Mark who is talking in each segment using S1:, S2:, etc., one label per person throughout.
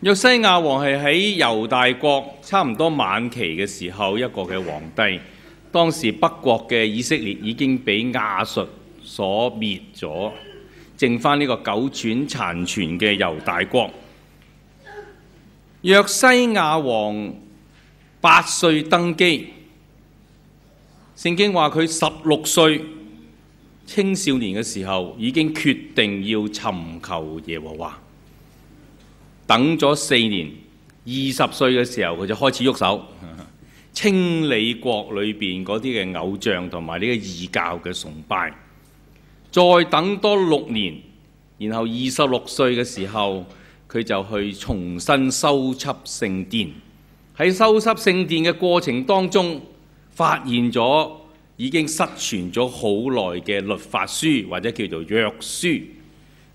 S1: 約西亞王係喺猶大國差唔多晚期嘅時候一個嘅皇帝，當時北國嘅以色列已經俾亞述所滅咗，剩翻呢個九轉殘存嘅猶大國。約西亞王八歲登基，聖經話佢十六歲青少年嘅時候已經決定要尋求耶和華。等咗四年，二十歲嘅時候佢就開始喐手清理國裏邊嗰啲嘅偶像同埋呢個異教嘅崇拜。再等多六年，然後二十六歲嘅時候，佢就去重新修葺聖殿。喺修葺聖殿嘅過程當中，發現咗已經失傳咗好耐嘅律法書，或者叫做約書。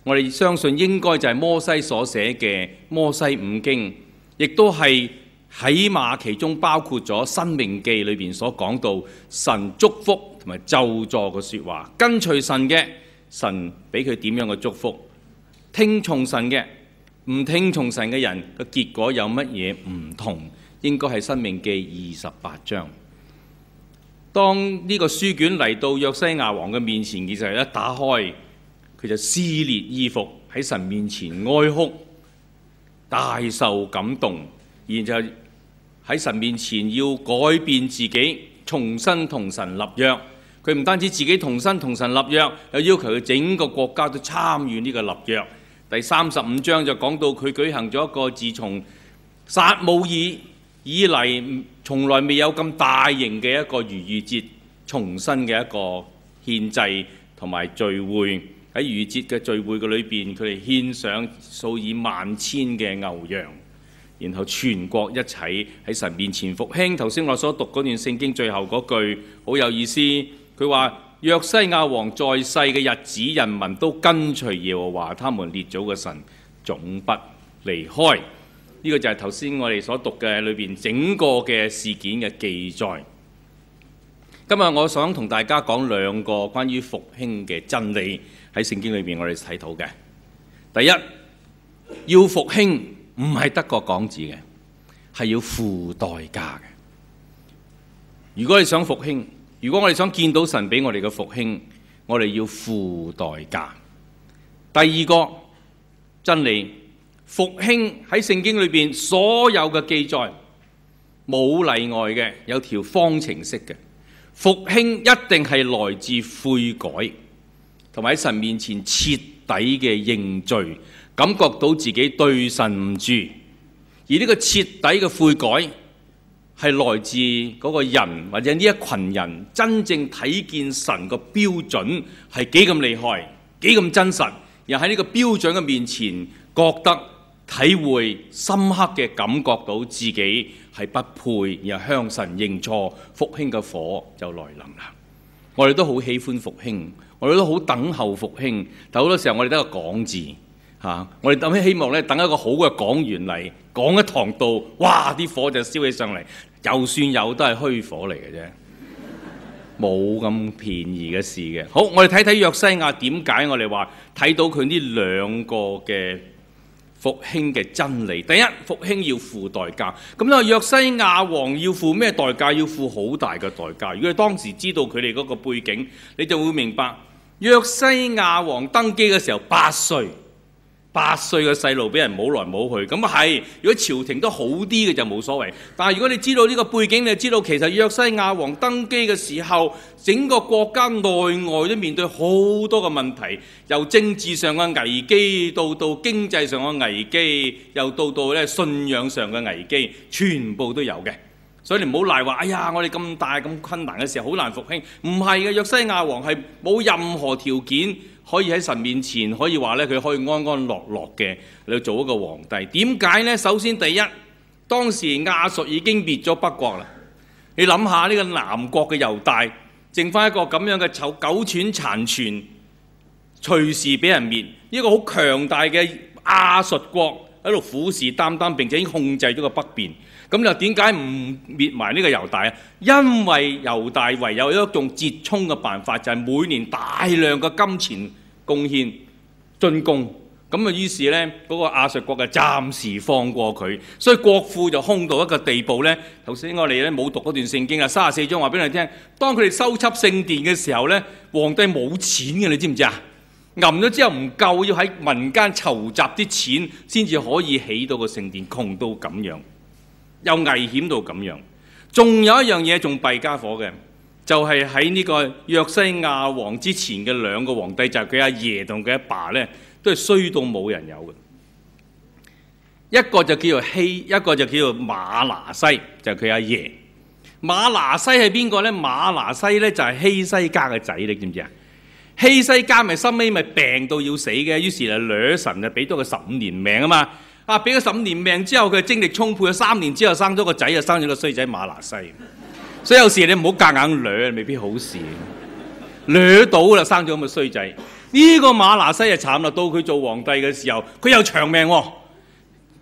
S1: 我哋相信應該就係摩西所寫嘅《摩西五經》，亦都係起碼其中包括咗《申命記》裏邊所講到神祝福同埋咒詛嘅説話。跟隨神嘅，神俾佢點樣嘅祝福？聽從神嘅，唔聽從神嘅人嘅結果有乜嘢唔同？應該係《申命記》二十八章。當呢個書卷嚟到約西亞王嘅面前，其實係一打開。佢就撕裂衣服喺神面前哀哭，大受感動，然後，喺神面前要改變自己，重新同神立約。佢唔單止自己重新同神立約，又要求佢整個國家都參與呢個立約。第三十五章就講到佢舉行咗一個自從撒母耳以嚟從來未有咁大型嘅一個逾越節，重新嘅一個獻祭同埋聚會。喺逾節嘅聚會嘅裏邊，佢哋獻上數以萬千嘅牛羊，然後全國一齊喺神面前復興。頭先我所讀嗰段聖經最後嗰句好有意思，佢話約西亞王在世嘅日子，人民都跟隨耶和華，他們列祖嘅神總不離開。呢、這個就係頭先我哋所讀嘅裏邊整個嘅事件嘅記載。今日我想同大家講兩個關於復興嘅真理。喺聖經裏邊，我哋睇到嘅，第一，要復興唔係得個講字嘅，係要付代價嘅。如果你想復興，如果我哋想見到神俾我哋嘅復興，我哋要付代價。第二個真理，復興喺聖經裏邊所有嘅記載，冇例外嘅，有條方程式嘅，復興一定係來自悔改。同埋喺神面前徹底嘅認罪，感覺到自己對神唔住，而呢個徹底嘅悔改係來自嗰個人或者呢一群人真正睇見神嘅標準係幾咁厲害、幾咁真實，又喺呢個標準嘅面前覺得體會深刻嘅感覺到自己係不配，又向神認錯，復興嘅火就來臨啦。我哋都好喜歡復興。我哋都好等候復興，但好多時候我哋得個講字嚇、啊，我哋等希望咧，等一個好嘅講員嚟講一堂道哇！啲火就燒起上嚟，就算有都係虛火嚟嘅啫，冇咁便宜嘅事嘅。好，我哋睇睇約西亞點解我哋話睇到佢呢兩個嘅復興嘅真理。第一，復興要付代價。咁呢個約西亞王要付咩代價？要付好大嘅代價。如果你當時知道佢哋嗰個背景，你就會明白。約西亞王登基嘅時候八歲，八歲嘅細路俾人冇來冇去，咁啊係。如果朝廷都好啲嘅就冇所謂，但係如果你知道呢個背景，你就知道其實約西亞王登基嘅時候，整個國家內外都面對好多嘅問題，由政治上嘅危機到到經濟上嘅危機，又到到咧信仰上嘅危機，全部都有嘅。所以你唔好賴話，哎呀，我哋咁大咁困難嘅時候好難復興，唔係嘅。若西亞王係冇任何條件可以喺神面前可以話咧，佢可以安安樂樂嘅去做一個皇帝。點解呢？首先第一，當時亞述已經滅咗北國啦。你諗下呢個南國嘅猶大，剩翻一個咁樣嘅臭九喘殘存，隨時俾人滅。一個好強大嘅亞述國喺度虎視眈眈，並且已經控制咗個北邊。咁又點解唔滅埋呢個猶大啊？因為猶大唯有一種折衷嘅辦法，就係、是、每年大量嘅金錢貢獻進貢。咁啊，於是呢，嗰、那個亞述國就暫時放過佢，所以國庫就空到一個地步呢。頭先我哋咧冇讀嗰段聖經啊，三十四章話俾你聽，當佢哋修葺聖殿嘅時候呢，皇帝冇錢嘅，你知唔知啊？揞咗之後唔夠，要喺民間籌集啲錢先至可以起到個聖殿，窮到咁樣。又危險到咁樣，仲有一樣嘢仲弊家伙嘅，就係喺呢個約西亞王之前嘅兩個皇帝，就係佢阿爺同佢阿爸呢，都係衰到冇人有嘅。一個就叫做希，一個就叫做馬拿西，就係佢阿爺。馬拿西係邊個呢？馬拿西呢，就係希西家嘅仔，你知唔知啊？希西家咪收尾咪病到要死嘅，於是啊掠神就俾多佢十五年命啊嘛。啊！俾咗十五年命之後，佢精力充沛。三年之後生咗個仔，就生咗個衰仔馬拿西。所以有時你唔好夾硬掠，未必好事。掠到啦，生咗咁嘅衰仔。呢、這個馬拿西就慘啦，到佢做皇帝嘅時候，佢又長命、哦。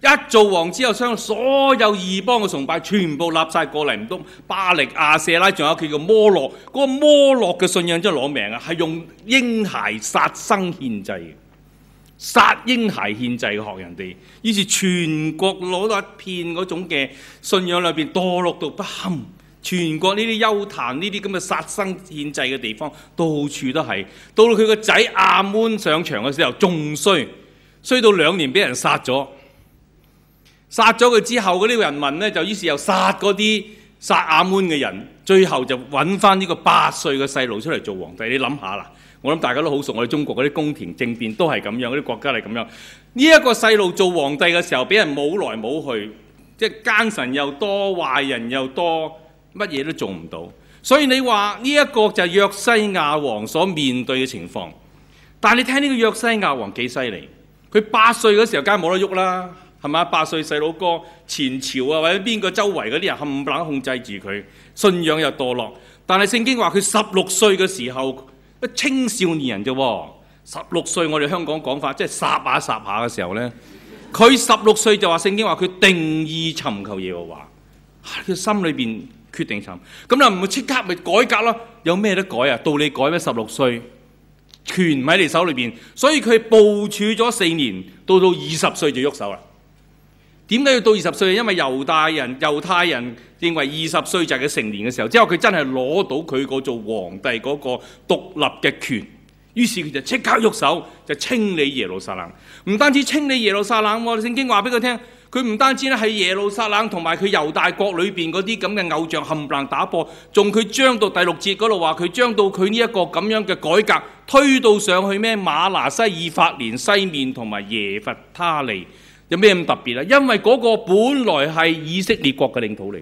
S1: 一做王之後，將所有異邦嘅崇拜全部立晒過嚟，唔通巴力、亞舍拉，仲有佢叫摩洛。嗰、那個摩洛嘅信仰真係攞命啊，係用嬰孩殺生獻祭。殺嬰孩獻祭嘅學人哋，於是全國攞到一片嗰種嘅信仰裏邊墮落到不堪。全國呢啲邱壇，呢啲咁嘅殺生獻祭嘅地方，到處都係。到到佢個仔亞們上場嘅時候，仲衰，衰到兩年俾人殺咗。殺咗佢之後，嗰啲人民呢，就於是又殺嗰啲殺亞們嘅人，最後就揾翻呢個八歲嘅細路出嚟做皇帝。你諗下啦～我諗大家都好熟，我哋中國嗰啲宮廷政變都係咁樣，嗰啲國家係咁樣。呢一個細路做皇帝嘅時候，俾人冇來冇去，即係奸臣又多，壞人又多，乜嘢都做唔到。所以你話呢一個就係約西亞王所面對嘅情況。但係你聽呢個約西亞王幾犀利？佢八歲嗰時候梗係冇得喐啦，係嘛？八歲細佬哥，前朝啊或者邊個周圍嗰啲人冚唪唥控制住佢，信仰又墮落。但係聖經話佢十六歲嘅時候。青少年人啫喎，十六歲我哋香港講法，即係霎下霎下嘅時候呢，佢十六歲就話聖經話佢定意尋求耶和華，佢心裏邊決定尋，咁啊唔會即刻咪改革咯？有咩得改啊？道理改咩？十六歲權喺你手裏邊，所以佢部署咗四年，到到二十歲就喐手啦。點解要到二十歲？因為猶大人、猶太人認為二十歲就係佢成年嘅時候，之後佢真係攞到佢個做皇帝嗰個獨立嘅權，於是佢就即刻喐手，就清理耶路撒冷。唔單止清理耶路撒冷，聖經話俾佢聽，佢唔單止咧喺耶路撒冷同埋佢猶大國裏邊嗰啲咁嘅偶像冚唪唥打破，仲佢將到第六節嗰度話佢將到佢呢一個咁樣嘅改革推到上去咩？馬拿西、以法蓮、西面同埋耶弗他利。有咩咁特別呢？因為嗰個本來係以色列國嘅領土嚟，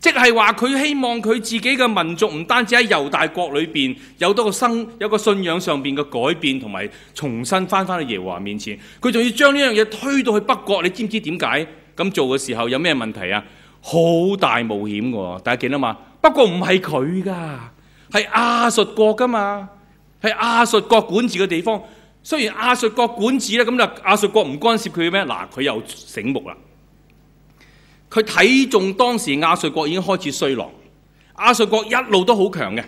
S1: 即係話佢希望佢自己嘅民族唔單止喺猶大國裏邊有個新，有個信仰上面嘅改變，同埋重新返返去耶和華面前，佢仲要將呢樣嘢推到去北國。你知唔知點解？咁做嘅時候有咩問題啊？好大冒險嘅喎！大家見到嘛？不過唔係佢噶，係亞述國噶嘛，係亞述國管治嘅地方。雖然亞述國管治呢，咁就亞述國唔干涉佢咩？嗱，佢又醒目啦，佢睇中當時亞述國已經開始衰落，亞述國一路都好強嘅，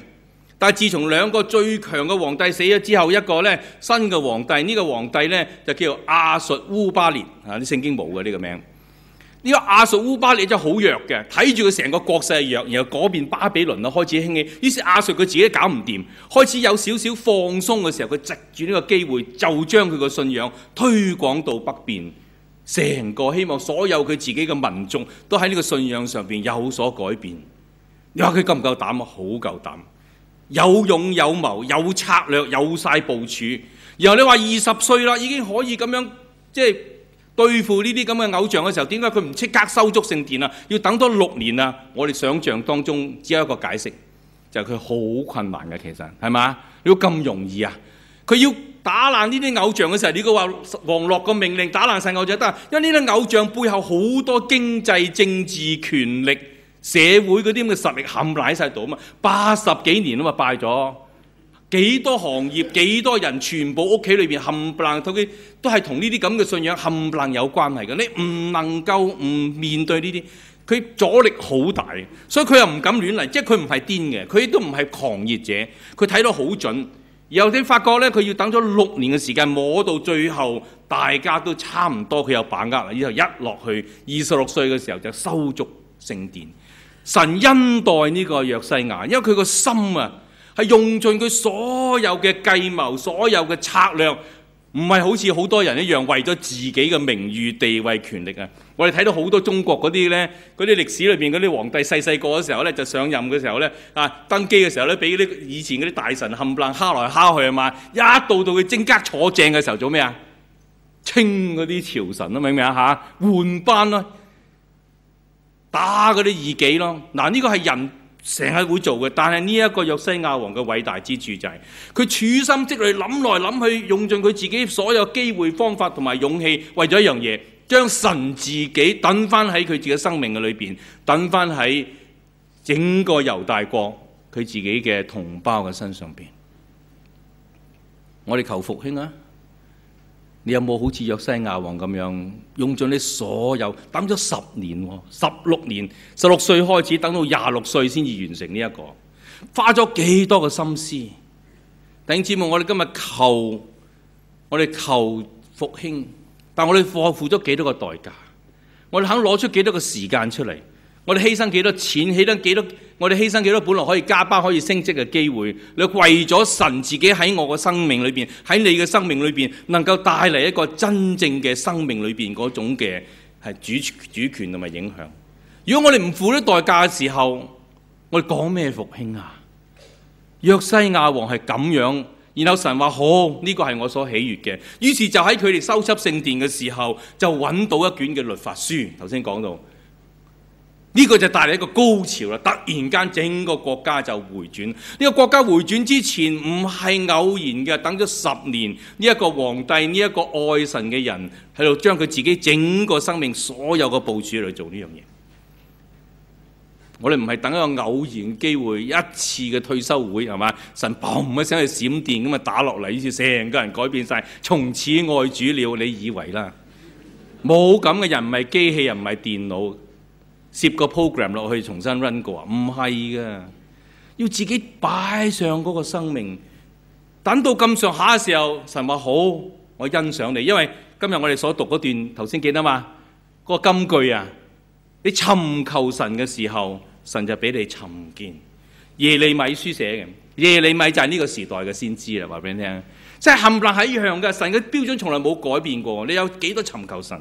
S1: 但係自從兩個最強嘅皇帝死咗之後，一個呢，新嘅皇帝，呢、呢個皇帝呢，就叫亞述烏巴尼，嚇啲聖經冇嘅呢個名。呢個亞述烏巴你真係好弱嘅，睇住佢成個國勢係弱，然後嗰邊巴比倫啦，開始興起，於是亞述佢自己都搞唔掂，開始有少少放鬆嘅時候，佢藉住呢個機會就將佢個信仰推廣到北邊，成個希望所有佢自己嘅民眾都喺呢個信仰上邊有所改變。你話佢夠唔夠膽啊？好夠膽，有勇有謀，有策略，有晒部署。然後你話二十歲啦，已經可以咁樣即係。對付呢啲咁嘅偶像嘅時候，點解佢唔即刻收足聖殿啊？要等多六年啊！我哋想象當中只有一個解釋，就係佢好困難嘅，其實係嘛？如果咁容易啊？佢要打爛呢啲偶像嘅時候，你個話王洛個命令打爛晒偶像得，因為呢啲偶像背後好多經濟、政治、權力、社會嗰啲咁嘅實力冚埋喺晒度啊嘛，八十幾年啊嘛拜咗。拜幾多行業、幾多人，全部屋企裏邊冚唪唥，佢都係同呢啲咁嘅信仰冚唪唥有關係嘅。你唔能夠唔面對呢啲，佢阻力好大，所以佢又唔敢亂嚟。即係佢唔係癲嘅，佢亦都唔係狂熱者。佢睇到好準，然後你發覺呢，佢要等咗六年嘅時間，摸到最後，大家都差唔多，佢有把握啦。然後一落去二十六歲嘅時候就收足聖殿。神恩待呢個約西亞，因為佢個心啊。係用盡佢所有嘅計謀，所有嘅策略，唔係好似好多人一樣為咗自己嘅名譽、地位、權力啊！我哋睇到好多中國嗰啲咧，嗰啲歷史裏邊嗰啲皇帝細細個嘅時候咧，就上任嘅時候咧，啊登基嘅時候咧，俾啲以前嗰啲大臣冚唪唥敲來敲去啊嘛，一到到佢正式坐正嘅時候做咩啊？清嗰啲朝臣咯，明唔明啊？嚇，換班咯，打嗰啲異己咯，嗱呢個係人。成日會做嘅，但係呢一個約西亞王嘅偉大之處就係，佢處心積慮諗來諗去，用盡佢自己所有機會方法同埋勇氣，為咗一樣嘢，將神自己等翻喺佢自己生命嘅裏邊，等翻喺整個猶大國佢自己嘅同胞嘅身上邊。我哋求復興啊！你有冇好似約西亞王咁樣用盡你所有等咗十年，十六年，十六歲開始等到廿六歲先至完成呢一個，花咗幾多嘅心思？弟兄姊妹，我哋今日求，我哋求復興，但我哋付付咗幾多個代價？我哋肯攞出幾多個時間出嚟？我哋犧牲幾多錢，犧牲幾多？我哋犧牲幾多本來可以加班、可以升職嘅機會？你為咗神自己喺我嘅生命裏邊，喺你嘅生命裏邊，能夠帶嚟一個真正嘅生命裏邊嗰種嘅係主主權同埋影響。如果我哋唔付出代價嘅時候，我哋講咩復興啊？約西亞王係咁樣，然後神話好呢、這個係我所喜悦嘅。於是就喺佢哋收葺聖殿嘅時候，就揾到一卷嘅律法書。頭先講到。呢個就帶嚟一個高潮啦！突然間整個國家就回轉。呢個國家回轉之前唔係偶然嘅，等咗十年。呢一個皇帝，呢一個愛神嘅人喺度將佢自己整個生命所有嘅部署嚟做呢樣嘢。我哋唔係等一個偶然機會一次嘅退休會係嘛？神嘣一聲去閃電咁啊打落嚟，於是成個人改變晒，從此愛主了。你以為啦？冇咁嘅人唔係機器，人唔係電腦。攝個 program 落去重新 run 過啊？唔係噶，要自己擺上嗰個生命，等到咁上下嘅時候，神話好，我欣賞你，因為今日我哋所讀嗰段頭先記得嘛，嗰個金句啊，你尋求神嘅時候，神就俾你尋見。耶利米書寫嘅耶利米就係呢個時代嘅先知啦，話俾你聽，即係冚唪唥係一樣嘅，神嘅標準從來冇改變過。你有幾多尋求神，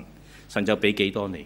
S1: 神就俾幾多你。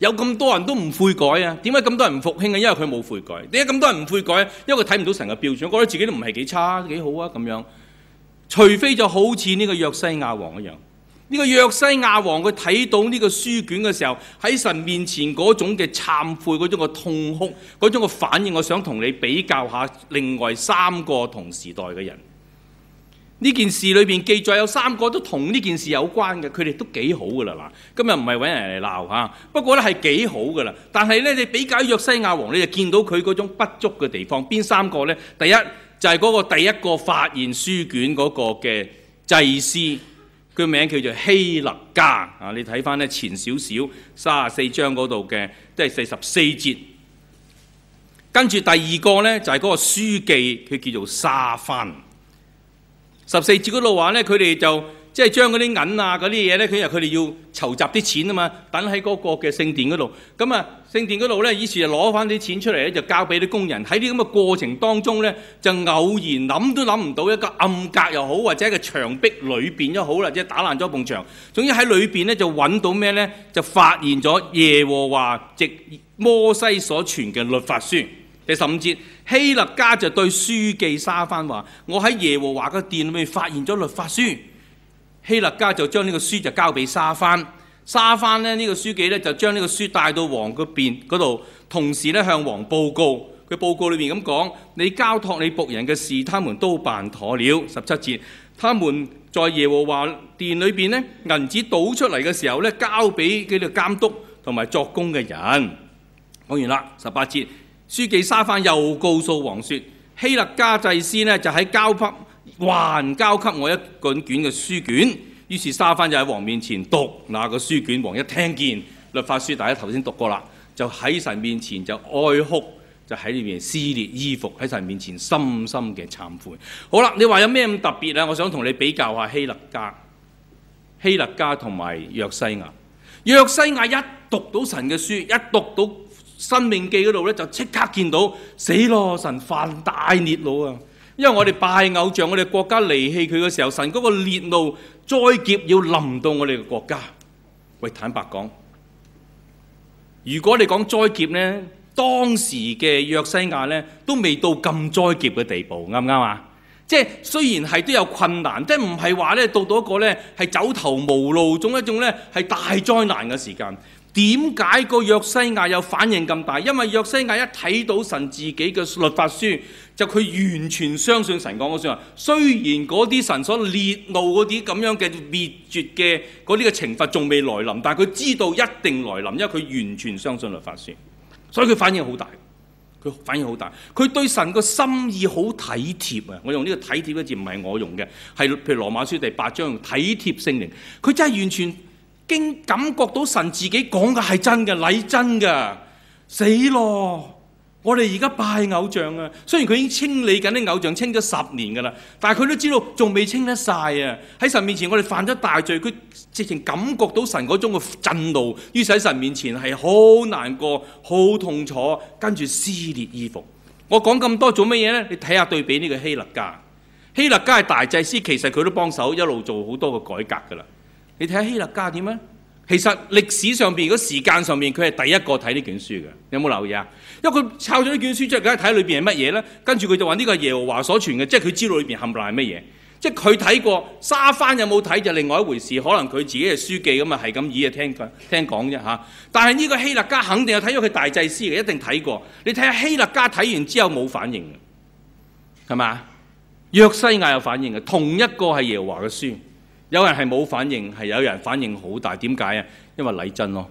S1: 有咁多人都唔悔改啊？點解咁多人唔復興啊，因為佢冇悔改。點解咁多人唔悔改啊？因為佢睇唔到神嘅標準，覺得自己都唔係幾差，幾好啊咁樣，除非就好似呢個約西亞王一樣，呢個約西亞王佢睇到呢個書卷嘅時候，喺神面前嗰種嘅懺悔、嗰種嘅痛哭、嗰種嘅反應，我想同你比較下另外三個同時代嘅人。呢件事裏邊記載有三個都同呢件事有關嘅，佢哋都幾好噶啦嗱。今日唔係揾人嚟鬧吓，不過咧係幾好噶啦。但係咧，你比較約西亞王，你就見到佢嗰種不足嘅地方。邊三個呢？第一就係、是、嗰個第一個發現書卷嗰個嘅祭司，佢名叫做希勒家啊。你睇翻呢前少少三十四章嗰度嘅，即係四十四節。跟住第二個呢，就係、是、嗰個書記，佢叫做沙番。十四節嗰度話咧，佢哋就即係將嗰啲銀啊、嗰啲嘢咧，佢又佢哋要籌集啲錢啊嘛，等喺嗰個嘅聖殿嗰度。咁啊，聖殿嗰度咧，以前就攞翻啲錢出嚟咧，就交俾啲工人。喺啲咁嘅過程當中咧，就偶然諗都諗唔到一個暗格又好，或者一個牆壁裏邊又好啦，即係打爛咗埲牆。總之喺裏邊咧就揾到咩咧，就發現咗耶和華藉摩西所傳嘅律法書。第十五節，希勒家就對書記沙番話：我喺耶和華嘅殿裏發現咗律法書。希勒家就將呢個書就交俾沙番。沙番咧呢個書記咧就將呢個書帶到王嗰邊嗰度，同時咧向王報告。佢報告裏邊咁講：你交託你僕人嘅事，他們都辦妥了。十七節，他們在耶和華殿裏邊咧，銀紙倒出嚟嘅時候咧，交俾佢哋監督同埋作工嘅人。講完啦，十八節。書記沙翻又告訴王說：希勒家祭司呢就喺交給，還交給我一卷卷嘅書卷。於是沙翻就喺王面前讀那個書卷，王一聽見律法書，大家頭先讀過啦，就喺神面前就哀哭，就喺裏面撕裂衣服，喺神面前深深嘅懺悔。好啦，你話有咩咁特別呢？我想同你比較下希勒家、希勒家同埋約西亞。約西亞一讀到神嘅書，一讀到。生命記嗰度咧，就即刻見到死咯！神犯大烈怒啊！因為我哋拜偶像，我哋國家離棄佢嘅時候，神嗰個烈怒災劫要臨到我哋嘅國家。喂，坦白講，如果你講災劫呢，當時嘅約西亞呢都未到咁災劫嘅地步，啱唔啱啊？即係雖然係都有困難，即係唔係話呢，到到一個呢係走投無路，種一種呢係大災難嘅時間。點解個約西亞有反應咁大？因為約西亞一睇到神自己嘅律法書，就佢完全相信神講嗰句話。雖然嗰啲神所烈怒嗰啲咁樣嘅滅絕嘅嗰啲嘅懲罰仲未來臨，但係佢知道一定來臨，因為佢完全相信律法書，所以佢反應好大。佢反應好大，佢對神個心意好體貼啊！我用呢個體貼嘅字唔係我用嘅，係譬如羅馬書第八章體貼聖靈，佢真係完全。經感覺到神自己講嘅係真嘅，禮真嘅，死咯！我哋而家拜偶像啊，雖然佢已經清理緊啲偶像，清咗十年噶啦，但係佢都知道仲未清得晒啊！喺神面前，我哋犯咗大罪，佢直情感覺到神嗰種嘅震怒，於是喺神面前係好難過、好痛楚，跟住撕裂衣服。我講咁多做乜嘢呢？你睇下對比呢個希勒家，希勒家係大祭司，其實佢都幫手一路做好多個改革噶啦。你睇下希勒家點啊？其實歷史上邊，如果時間上面，佢係第一個睇呢卷書嘅，有冇留意啊？因為佢抄咗呢卷書之後，梗係睇裏邊係乜嘢咧？跟住佢就話呢個係耶和華所傳嘅，即係佢知道裏邊冚埋係乜嘢。即係佢睇過沙番有冇睇就另外一回事，可能佢自己嘅書記咁啊，係咁耳啊聽聽講啫嚇。但係呢個希勒家肯定有睇咗，佢大祭司嘅，一定睇過。你睇下希勒家睇完之後冇反應嘅，係嘛？約西亞有反應嘅，同一個係耶和華嘅書。有人係冇反應，係有人反應好大。點解啊？因為禮真咯。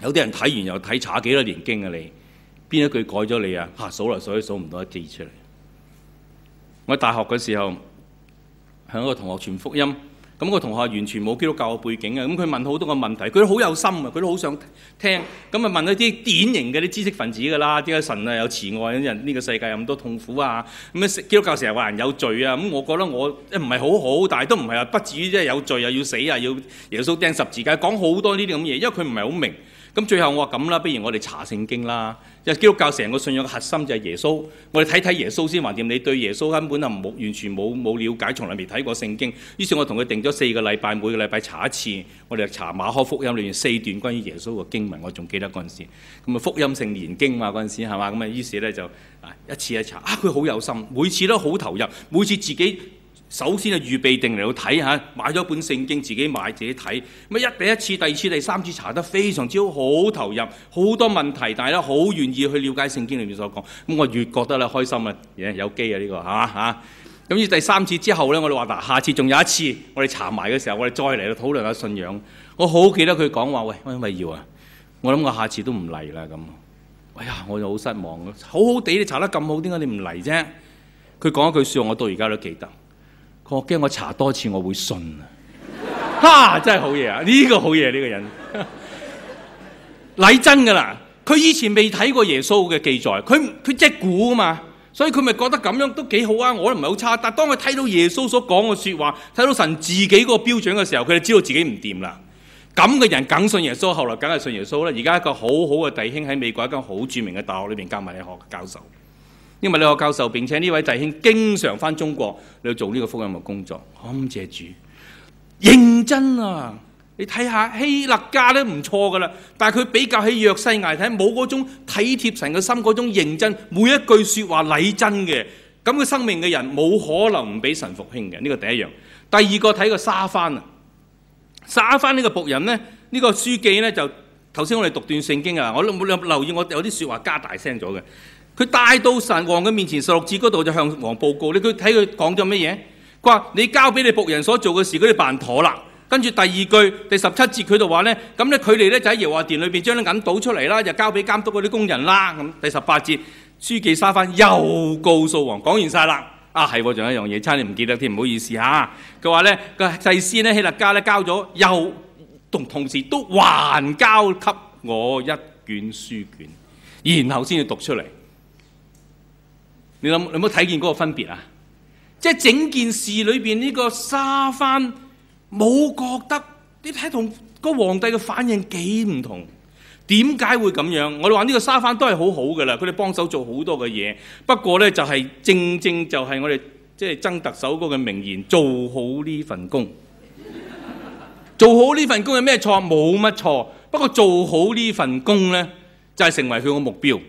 S1: 有啲人睇完又睇查幾多年經啊，你邊一句改咗你啊？嚇、啊，數嚟數去數唔到一字出嚟。我大學嗰時候，響個同學傳福音。咁個同學完全冇基督教嘅背景啊！咁佢問好多個問題，佢都好有心啊！佢都好想聽，咁咪問一啲典型嘅啲知識分子㗎啦。點解神啊有慈愛？人，這個世界有咁多痛苦啊！咁啊，基督教成日話人有罪啊！咁我覺得我唔係好好，但係都唔係話不至於即係有罪啊、要死啊！要耶穌釘十字架，講好多呢啲咁嘢，因為佢唔係好明。咁最後我話咁啦，不如我哋查聖經啦，因、就係、基督教成個信仰嘅核心就係耶穌，我哋睇睇耶穌先還掂。你對耶穌根本就冇完全冇冇瞭解，從來未睇過聖經。於是，我同佢定咗四個禮拜，每個禮拜查一次。我哋查馬可福音裏面四段關於耶穌嘅經文，我仲記得嗰陣時。咁啊，福音聖年經嘛，嗰陣時係嘛？咁啊，於是咧就啊，一次一查，啊，佢好有心，每次都好投入，每次自己。首先啊，預備定嚟到睇下。買咗一本聖經，自己買自己睇。乜一第一次、第二次、第三次查得非常之好，投入好多問題，但係咧好願意去了解聖經裏面所講。咁我越覺得咧開心啊，有機啊呢個嚇嚇。咁、啊、於、啊、第三次之後咧，我哋話嗱，下次仲有一次，我哋查埋嘅時候，我哋再嚟到討論下信仰。我好，好記得佢講話喂，我咪要啊！我諗我下次都唔嚟啦咁。哎呀，我就好失望，好好地你查得咁好，點解你唔嚟啫？佢講一句説話，我到而家都記得。我驚我查多次，我會信啊！哈，真係好嘢啊！呢、這個好嘢呢個人， 禮真噶啦。佢以前未睇過耶穌嘅記載，佢佢即係估啊嘛。所以佢咪覺得咁樣都幾好啊？我又唔係好差。但係當佢睇到耶穌所講嘅説話，睇到神自己嗰個標準嘅時候，佢就知道自己唔掂啦。咁嘅人梗信耶穌，後來梗係信耶穌啦。而家一個好好嘅弟兄喺美國一間好著名嘅大學裏邊教物理學教授。因為呢個教授，並且呢位弟兄經常翻中國嚟做呢個福音嘅工作，感謝主，認真啊！你睇下希勒家咧，唔錯㗎喇，但係佢比較起約西亞睇，冇嗰種體貼神嘅心，嗰種認真，每一句説話禮真嘅，咁佢生命嘅人冇可能唔俾神復興嘅。呢個第一樣，第二個睇個沙番啊，沙番呢個僕人呢，呢個書記呢，就頭先我哋讀段聖經啊，我都冇留意我有啲説話加大聲咗嘅。佢帶到神王嘅面前，十六節嗰度就向王報告。你佢睇佢講咗乜嘢？佢話：你交俾你僕人所做嘅事，佢哋辦妥啦。跟住第二句，第十七節佢就話咧：咁咧佢哋咧就喺耶和華殿裏邊將啲銀倒出嚟啦，就交俾監督嗰啲工人啦。咁第十八節書記沙番又告訴王：講完晒啦。啊，係仲有一樣嘢，差啲唔記得添，唔好意思嚇。佢話咧個祭司咧希勒家咧交咗，又同同時都還交給我一卷書卷，然後先要讀出嚟。你諗有冇睇見嗰個分別啊？即係整件事裏邊呢個沙番冇覺得，你睇同個皇帝嘅反應幾唔同？點解會咁樣？我哋話呢個沙番都係好好噶啦，佢哋幫手做好多嘅嘢。不過咧就係正正就係我哋即係曾特首嗰個名言：做好呢份工， 做好呢份工有咩錯？冇乜錯。不過做好呢份工咧就係成為佢個目標，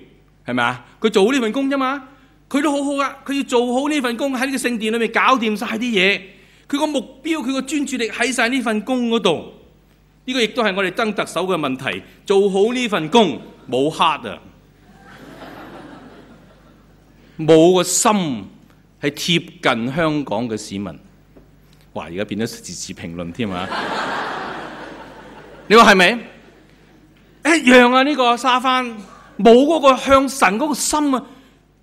S1: 係咪啊？佢做好呢份工啫嘛。佢都好好㗎，佢要做好呢份工，喺呢個聖殿裏面搞掂曬啲嘢。佢個目標，佢個專注力喺曬呢份工嗰度。呢個亦都係我哋登特首嘅問題。做好呢份工，冇 heart 啊！冇個心係貼近香港嘅市民。哇！而家變咗時事評論添啊！你話係咪？一樣啊！呢個沙番冇嗰個向神嗰個心啊！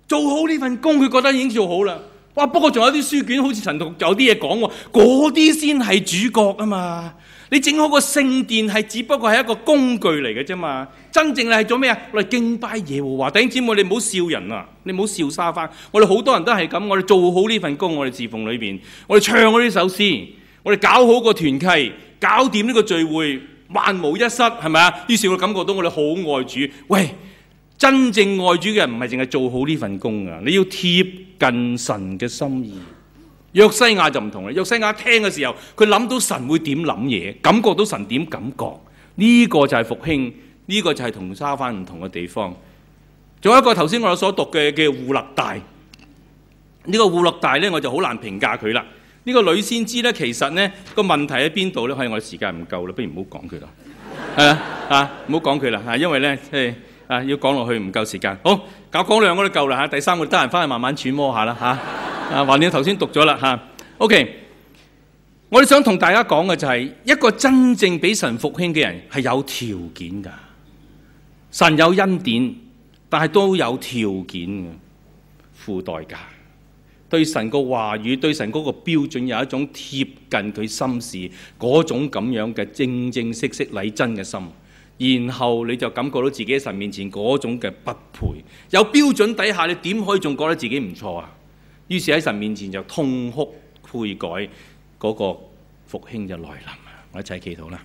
S1: 做好呢份工，佢覺得已經做好啦。哇！不過仲有啲書卷好似陳讀，有啲嘢講喎。嗰啲先係主角啊嘛！你整好個聖殿係只不過係一個工具嚟嘅啫嘛。真正你係做咩啊？我哋敬拜耶和華。弟兄姊妹，你唔好笑人啊！你唔好笑沙番。我哋好多人都係咁。我哋做好呢份工，我哋侍奉裏邊，我哋唱嗰啲首詩，我哋搞好個團契，搞掂呢個聚會，萬無一失，係咪啊？於是我感覺到我哋好愛主。喂！真正愛主嘅人唔係淨係做好呢份工啊！你要貼近神嘅心意。約西亞就唔同啦，約西亞聽嘅時候，佢諗到神會點諗嘢，感覺到神點感覺，呢個就係復興，呢個就係同沙番唔同嘅地方。仲有一個頭先我所讀嘅嘅戶勒大，呢個戶勒大呢，我就好難評價佢啦。呢個女先知呢，其實呢個問題喺邊度呢？可能我時間唔夠啦，不如唔好講佢啦。係啊，啊唔好講佢啦，啊因為呢，誒。啊！要講落去唔夠時間，好，搞講兩個都夠啦嚇、啊，第三個得閒翻去慢慢揣摩下啦嚇。啊，還掂頭先讀咗啦嚇。O.K. 我哋想同大家講嘅就係、是、一個真正俾神復興嘅人係有條件㗎。神有恩典，但係都有條件嘅，付代價。對神個話語，對神嗰個標準，有一種貼近佢心事嗰種咁樣嘅正正式式禮真嘅心。然後你就感覺到自己喺神面前嗰種嘅不配，有標準底下你點可以仲覺得自己唔錯啊？於是喺神面前就痛哭悔改，嗰個復興就來臨。我一齊祈禱啦。